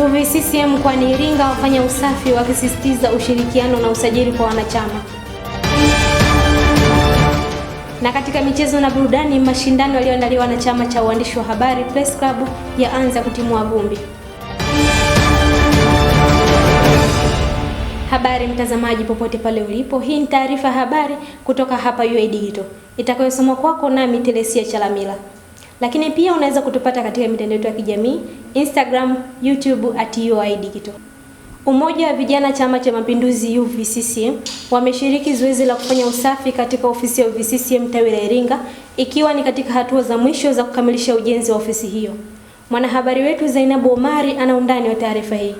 UVCCM mkoani Iringa wafanya usafi wakisisitiza ushirikiano na usajili kwa wanachama. Na katika michezo na burudani, mashindano yaliyoandaliwa na chama cha uandishi wa habari Press Club yaanza kutimua vumbi. Habari mtazamaji, popote pale ulipo, hii ni taarifa habari kutoka hapa UoI Digital itakayosomwa kwako nami Telesia Chalamila lakini pia unaweza kutupata katika mitandao yetu ya kijamii Instagram, YouTube at UoI Digital. Umoja wa Vijana Chama cha Mapinduzi UVCCM wameshiriki zoezi la kufanya usafi katika ofisi ya UVCCM tawi la Iringa, ikiwa ni katika hatua za mwisho za kukamilisha ujenzi wa ofisi hiyo. Mwanahabari wetu Zainabu Omari ana undani wa taarifa hii.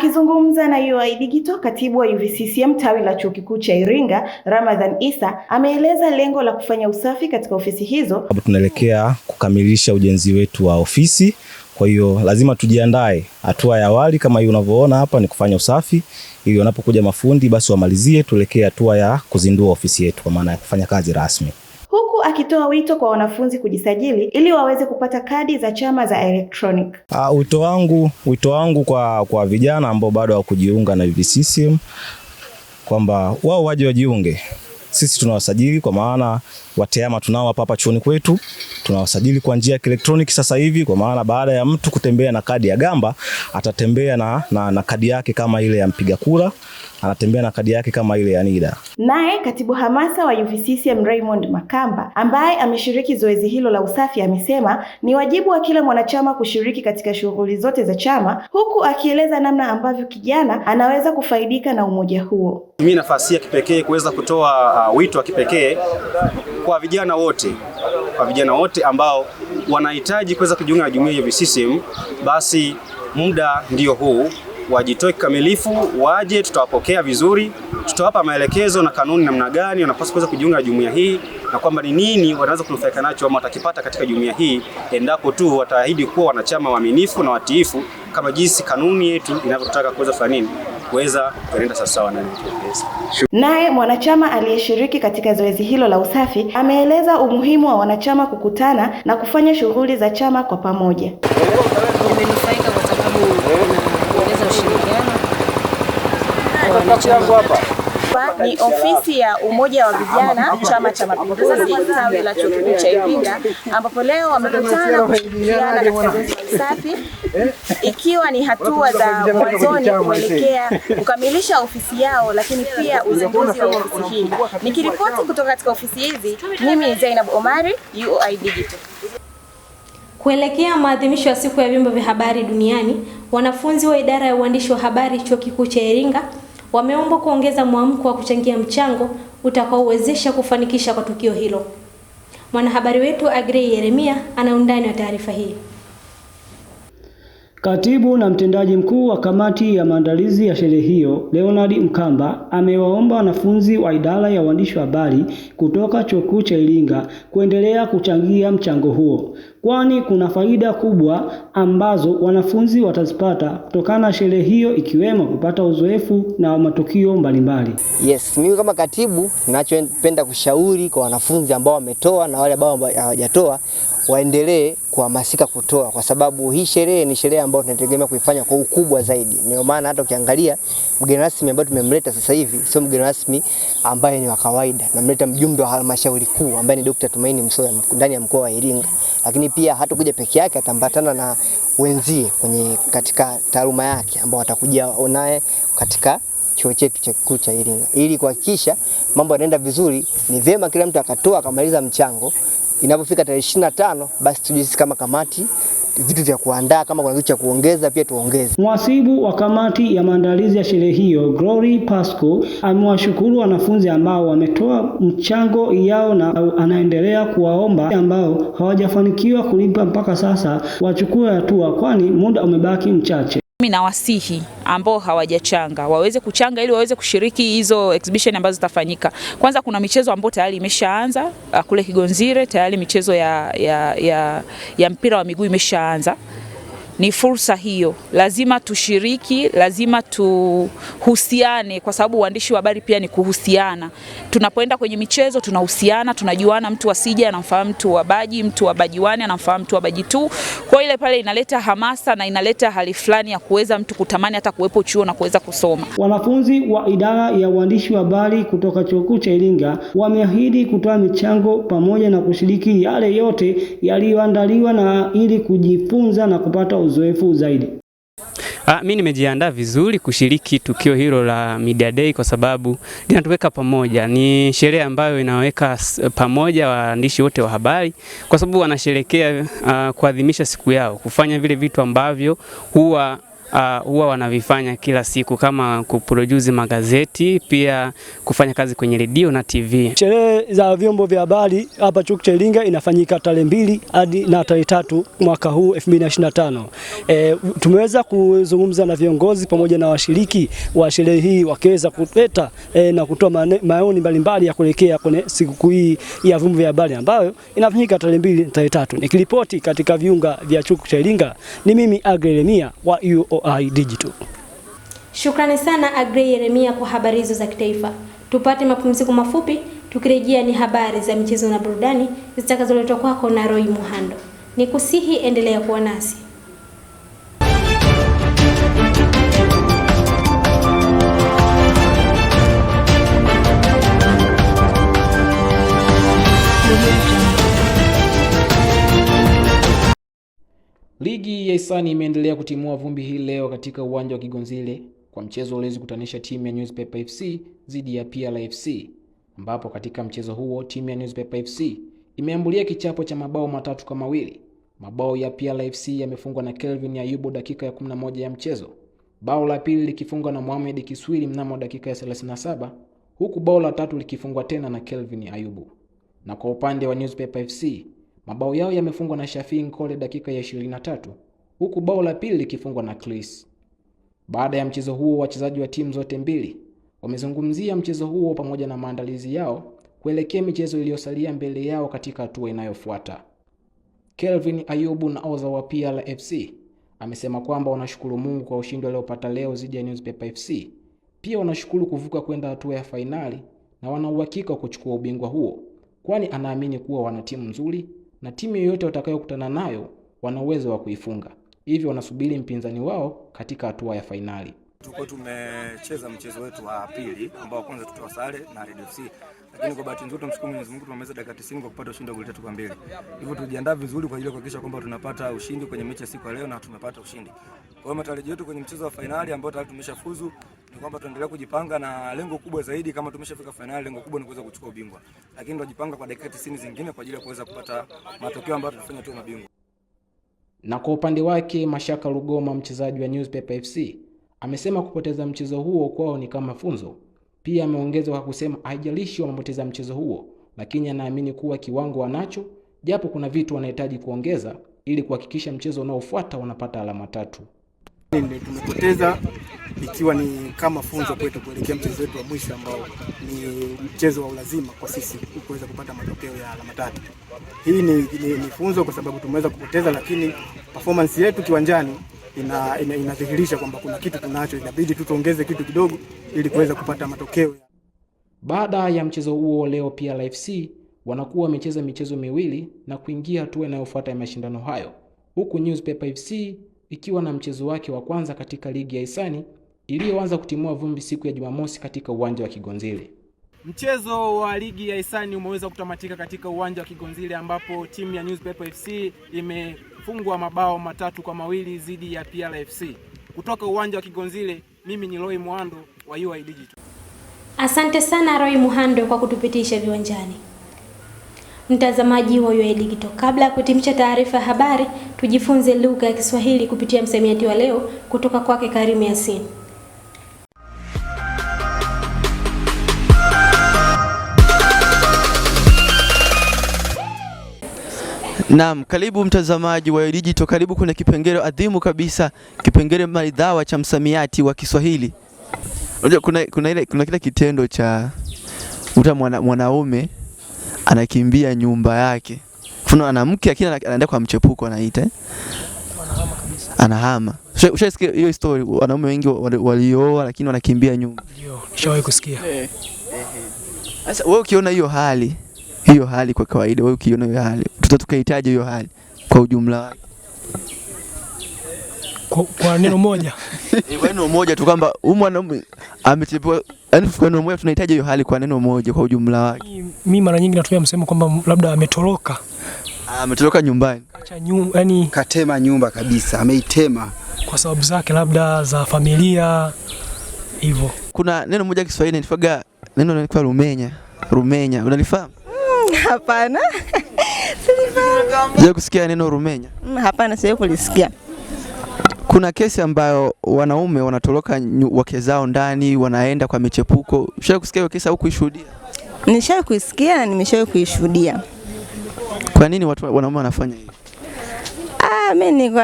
Akizungumza na UoI Digital, katibu wa UVCCM tawi la chuo kikuu cha Iringa Ramadhan Isa ameeleza lengo la kufanya usafi katika ofisi hizo. Tunaelekea kukamilisha ujenzi wetu wa ofisi, kwa hiyo lazima tujiandae. Hatua ya awali kama hii unavyoona hapa ni kufanya usafi, ili wanapokuja mafundi basi wamalizie, tuelekee hatua ya kuzindua ofisi yetu, kwa maana ya kufanya kazi rasmi akitoa wito kwa wanafunzi kujisajili ili waweze kupata kadi za chama za electronic. Uh, wito wangu wito wangu kwa, kwa vijana ambao bado hawakujiunga na VCCM kwamba wao waje wajiunge. Sisi tunawasajili kwa maana wateama tunao hapa hapa chuoni kwetu, tunawasajili kwa njia ya kielektroniki sasa hivi, kwa maana baada ya mtu kutembea na kadi ya gamba atatembea na, na, na kadi yake kama ile ya mpiga kura, anatembea na kadi yake kama ile ya NIDA. Naye katibu hamasa wa UVCCM Raymond Makamba ambaye ameshiriki zoezi hilo la usafi amesema ni wajibu wa kila mwanachama kushiriki katika shughuli zote za chama, huku akieleza namna ambavyo kijana anaweza kufaidika na umoja huo. Mimi nafasi ya kipekee kuweza kutoa uh, wito wa kipekee kwa vijana wote, kwa vijana wote ambao wanahitaji kuweza kujiunga na jumuiya ya UVCCM, basi muda ndio huu, wajitoe kikamilifu, waje, tutawapokea vizuri, tutawapa maelekezo na kanuni namna gani wanapaswa kuweza kujiunga na jumuiya hii na kwamba ni nini wanaweza kunufaika nacho ama watakipata katika jumuiya hii endapo tu wataahidi kuwa wanachama waaminifu na watiifu kama jinsi kanuni yetu inavyotaka kuweza kufanya nini kuweza kuenda sawasawa na pesa. Naye mwanachama aliyeshiriki katika zoezi hilo la usafi ameeleza umuhimu wa wanachama kukutana na kufanya shughuli za chama kwa pamoja. Imenufaika kwa sababu inaongeza ushirikiano ni ofisi ya Umoja wa Vijana Chama cha Mapinduzi tawi la chuo kikuu cha Iringa, ambapo leo wamekutana kushirikiana katika usafi, ikiwa ni hatua za mwanzoni kuelekea kukamilisha ofisi yao, lakini pia uzinduzi wa ofisi hii. Nikiripoti kutoka katika ofisi hizi, mimi ni Zainab Omari, UoI Digital. Kuelekea maadhimisho ya siku ya vyombo vya habari duniani, wanafunzi wa idara ya uandishi wa habari chuo kikuu cha Iringa wameomba kuongeza mwamko wa kuchangia mchango utakaowezesha kufanikisha kwa tukio hilo. Mwanahabari wetu Agrey Yeremia ana undani wa taarifa hii. Katibu na mtendaji mkuu wa kamati ya maandalizi ya sherehe hiyo, Leonard Mkamba, amewaomba wanafunzi wa idara ya uandishi wa habari kutoka Chuo Kikuu cha Iringa kuendelea kuchangia mchango huo, kwani kuna faida kubwa ambazo wanafunzi watazipata kutokana na sherehe hiyo, ikiwemo kupata uzoefu na matukio mbalimbali. Yes, mimi kama katibu ninachopenda kushauri kwa wanafunzi ambao wametoa na wale ambao hawajatoa waendelee kuhamasika kutoa, kwa sababu hii sherehe ni sherehe ambayo tunategemea kuifanya kwa ukubwa zaidi. Ndio maana hata ukiangalia mgeni rasmi ambaye tumemleta sasa hivi sio mgeni rasmi ambaye ni wa kawaida, namleta mjumbe wa halmashauri kuu ambaye ni Dr. Tumaini Msoya ndani ya mkoa wa Iringa, lakini pia hatakuja peke yake, atambatana na wenzie kwenye katika taaluma yake ambao watakuja naye katika chuo chetu cha kikuu cha Iringa ili kuhakikisha mambo yanaenda vizuri. Ni vyema kila mtu akatoa akamaliza mchango inapofika tarehe ishirini na tano basi tujisi kama kamati vitu vya kuandaa kama kuna kitu cha kuongeza pia tuongeze. Mwasibu wa kamati ya maandalizi ya sherehe hiyo Glory Pasco amewashukuru wanafunzi ambao wametoa mchango yao na anaendelea kuwaomba ambao hawajafanikiwa kulipa mpaka sasa wachukue hatua, kwani muda umebaki mchache. Mimi nawasihi ambao hawajachanga waweze kuchanga ili waweze kushiriki hizo exhibition ambazo zitafanyika. Kwanza kuna michezo ambayo tayari imeshaanza ah, kule Kigonzire, tayari michezo ya, ya, ya, ya mpira wa miguu imeshaanza ni fursa hiyo, lazima tushiriki, lazima tuhusiane, kwa sababu uandishi wa habari pia ni kuhusiana. Tunapoenda kwenye michezo tunahusiana, tunajuana, mtu asije anamfahamu mtu wa baji, mtu wa baji wani anamfahamu mtu wa baji tu. Kwa ile pale inaleta hamasa na inaleta hali fulani ya kuweza mtu kutamani hata kuwepo chuo na kuweza kusoma. Wanafunzi wa idara ya uandishi wa habari kutoka Chuo Kikuu cha Iringa wameahidi kutoa michango pamoja na kushiriki yale yote yaliyoandaliwa na ili kujifunza na kupata uzoefu zaidi. Ah, mi nimejiandaa vizuri kushiriki tukio hilo la Media Day kwa sababu linatuweka pamoja. Ni sherehe ambayo inaweka pamoja waandishi wote wa habari, kwa sababu wanasherekea uh, kuadhimisha siku yao, kufanya vile vitu ambavyo huwa uh, huwa wanavifanya kila siku kama kuproduce magazeti, pia kufanya kazi kwenye redio na TV. Sherehe za vyombo vya habari hapa chuo cha Iringa inafanyika tarehe mbili hadi na tarehe tatu mwaka huu 2025. E, tumeweza kuzungumza na viongozi pamoja na washiriki wa sherehe hii wakiweza kuleta e, na kutoa maoni mbalimbali ya kuelekea kwenye siku hii ya vyombo vya habari ambayo inafanyika tarehe mbili na tarehe tatu. Nikiripoti katika viunga vya chuo cha Iringa ni mimi Agrelemia wa UO OI Digital. Shukrani sana Agrey Yeremia kwa habari hizo za kitaifa. Tupate mapumziko mafupi, tukirejea ni habari za michezo na burudani zitakazoletwa kwako na Roy Muhando. Nikusihi endelea kuwa nasi. Ligi ya hisani imeendelea kutimua vumbi hii leo katika uwanja wa Kigonzile kwa mchezo uliozikutanisha timu ya Newspaper FC dhidi ya Pyala FC, ambapo katika mchezo huo timu ya Newspaper FC imeambulia kichapo cha mabao matatu kwa mawili. Mabao ya Pyala FC yamefungwa na Kelvin Ayubu dakika ya 11 ya mchezo, bao la pili likifungwa na Mohamed Kiswili mnamo dakika ya 37, huku bao la tatu likifungwa tena na Kelvin Ayubu. Na kwa upande wa Newspaper FC Mabao yao yamefungwa na Shafii Nkole dakika ya 23 huku bao la pili likifungwa na Chris. Baada ya mchezo huo, wachezaji wa timu zote mbili wamezungumzia mchezo huo pamoja na maandalizi yao kuelekea michezo iliyosalia mbele yao katika hatua inayofuata. Kelvin Ayubu na oza wa pla FC amesema kwamba wanashukuru Mungu kwa ushindi waliopata leo dhidi ya Newspaper FC. Pia wanashukuru kuvuka kwenda hatua ya fainali na wana uhakika wa kuchukua ubingwa huo, kwani anaamini kuwa wana timu nzuri na timu yoyote watakayokutana nayo wana uwezo wa kuifunga, hivyo wanasubiri mpinzani wao katika hatua ya fainali. Tuko tumecheza mchezo wetu wa pili ambao kwanza tutoa sare na RDC lakini kwa bahati nzuri tumshukuru Mwenyezi Mungu tumemaliza dakika 90 kwa kupata ushindi wa goli tatu kwa mbili. Hivyo tujiandaa vizuri kwa ajili ya kuhakikisha kwamba tunapata ushindi kwenye mechi ya siku ya leo na tumepata ushindi. Kwa hiyo matarajio yetu kwenye mchezo wa fainali ambao tayari tumeshafuzu ni kwamba tuendelee kujipanga na lengo kubwa zaidi, kama tumeshafika fainali, lengo kubwa ni kuweza kuchukua ubingwa. Lakini tunajipanga kwa dakika 90 zingine kwa ajili ya kuweza kupata matokeo ambayo tutafanya tu mabingwa. Na kwa upande wake Mashaka Lugoma, mchezaji wa Newspaper FC, amesema kupoteza mchezo huo kwao ni kama funzo pia ameongeza kwa kusema haijalishi wamepoteza mchezo huo, lakini anaamini kuwa kiwango wanacho, japo kuna vitu wanahitaji kuongeza ili kuhakikisha mchezo unaofuata wanapata alama tatu. Tumepoteza ikiwa ni kama funzo kwetu kuelekea mchezo wetu wa mwisho ambao ni mchezo wa ulazima kwa sisi kuweza kupata matokeo ya alama tatu. Hii ni, ni, ni funzo kwa sababu tumeweza kupoteza, lakini performance yetu kiwanjani ina, ina, inadhihirisha kwamba kuna kitu tunacho, inabidi tu tuongeze kitu kidogo ili kuweza kupata matokeo. Baada ya mchezo huo leo pia FC wanakuwa wamecheza michezo miwili na kuingia hatua inayofuata ya mashindano hayo, huku Newspaper FC ikiwa na mchezo wake wa kwanza katika ligi ya hisani iliyoanza kutimua vumbi siku ya Jumamosi katika uwanja wa Kigonzile. Mchezo wa ligi ya hisani umeweza kutamatika katika uwanja wa Kigonzile ambapo timu ya Newspaper FC imefungwa mabao matatu kwa mawili dhidi ya pr FC. Kutoka uwanja wa Kigonzile, mimi ni Roy Muhando wa UoI Digital. Asante sana Roy Muhando kwa kutupitisha viwanjani. Mtazamaji wa UoI Digital, kabla ya kutimisha taarifa ya habari, tujifunze lugha ya Kiswahili kupitia msamiati wa leo kutoka kwake Karim Yasin. Naam, karibu mtazamaji wa Digital, karibu kuna kipengele adhimu kabisa, kipengele maridhawa cha msamiati wa Kiswahili. Unajua kuna, kuna, ile, kuna kile kitendo cha uta mwana, mwanaume anakimbia nyumba yake, mfano ana mke lakini anaenda kwa mchepuko anaita eh? Anahama. Ushasikia hiyo story? Wanaume wengi walioa lakini wanakimbia nyumba. Ndio, nishawahi kusikia. Eh, eh, eh. Sasa wewe ukiona hiyo hali hiyo hali kwa kawaida, wewe ukiona hiyo hali tukahitaji hiyo hali kwa ujumla wake kwa, kwa neno moja kwa neno moja tu kwamba huyu mwanaume amechepewa, yani kwa neno moja tunahitaji hiyo hali kwa neno moja kwa ujumla wake. Mimi mara nyingi natumia msemo kwamba labda ametoroka, ah, ametoroka nyumbani, acha nyumba, yani katema nyumba kabisa, ameitema kwa sababu zake labda za familia hivyo. Kuna neno moja Kiswahili nilifaga neno linaitwa rumenya, rumenya, unalifahamu? Hapana. Je, kusikia neno Rumenya? Mm, hapana, siwe kulisikia. Kuna kesi ambayo wanaume wanatoroka wake zao ndani wanaenda kwa michepuko. Ushawahi kusikia hiyo kesi au kuishuhudia? Nishawahi kuisikia na nimeshawahi kuishuhudia. Kwa nini watu wanaume wanafanya hivyo? Mimi kwa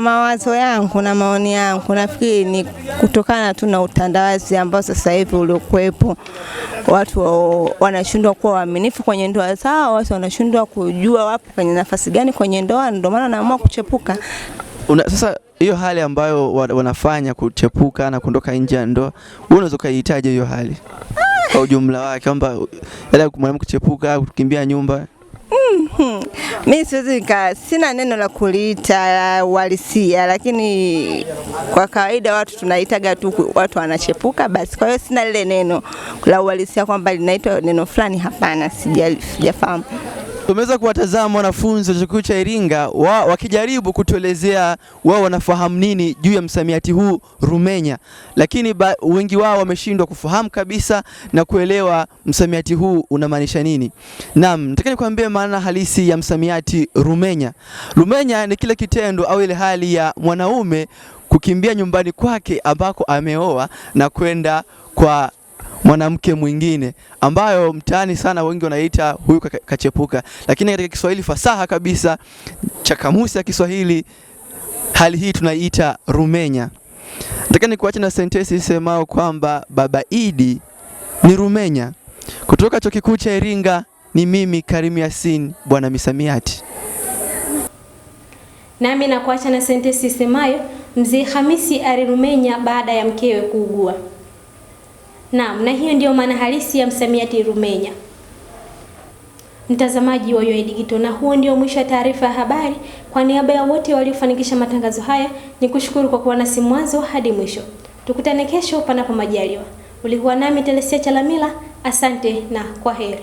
mawazo yangu na maoni yangu nafikiri ni kutokana tu na utandawazi ambao sasa hivi uliokuwepo, watu wanashindwa kuwa waaminifu kwenye ndoa zao, watu wanashindwa kujua wapo kwenye nafasi gani kwenye ndoa, ndio maana naamua kuchepuka. Una, sasa hiyo hali ambayo wanafanya kuchepuka na kuondoka nje ya ndoa, wewe unaweza ukaihitaji hiyo hali kwa ujumla wake, kwamba mwanamke kuchepuka kukimbia nyumba Mi siwezi nika, sina neno la kuliita la uhalisia, lakini kwa kawaida watu tunaitaga tu watu wanachepuka basi. Kwa hiyo sina lile neno la uhalisia kwamba linaitwa neno fulani, hapana, sijafahamu. Tumeweza kuwatazama wanafunzi wa chuo kikuu cha Iringa wa, wakijaribu kutuelezea wao wanafahamu nini juu ya msamiati huu Rumenya, lakini ba, wengi wao wameshindwa kufahamu kabisa na kuelewa msamiati huu unamaanisha nini. Naam, nataka nikwambie maana halisi ya msamiati Rumenya. Rumenya ni kile kitendo au ile hali ya mwanaume kukimbia nyumbani kwake ambako ameoa na kwenda kwa mwanamke mwingine ambayo mtaani sana wengi wanaita huyu kachepuka, lakini katika Kiswahili fasaha kabisa cha kamusi ya Kiswahili hali hii tunaiita rumenya. Nataka nikuache na sentensi isemao kwamba Baba Idi ni rumenya. Kutoka chuo kikuu cha Iringa ni mimi Karim Yasin bwana misamiati, nami nakuacha na sentensi isemayo mzee Hamisi alirumenya baada ya mkewe kuugua. Naam, na hiyo ndiyo maana halisi ya msamiati Rumenya. Mtazamaji wa UoI Digital, na huo ndio mwisho wa taarifa ya habari. Kwa niaba ya wote waliofanikisha matangazo haya, ni kushukuru kwa kuwa nasi mwanzo hadi mwisho. Tukutane kesho, panapo majaliwa. Ulikuwa nami Telesia Chalamila, asante na kwa heri.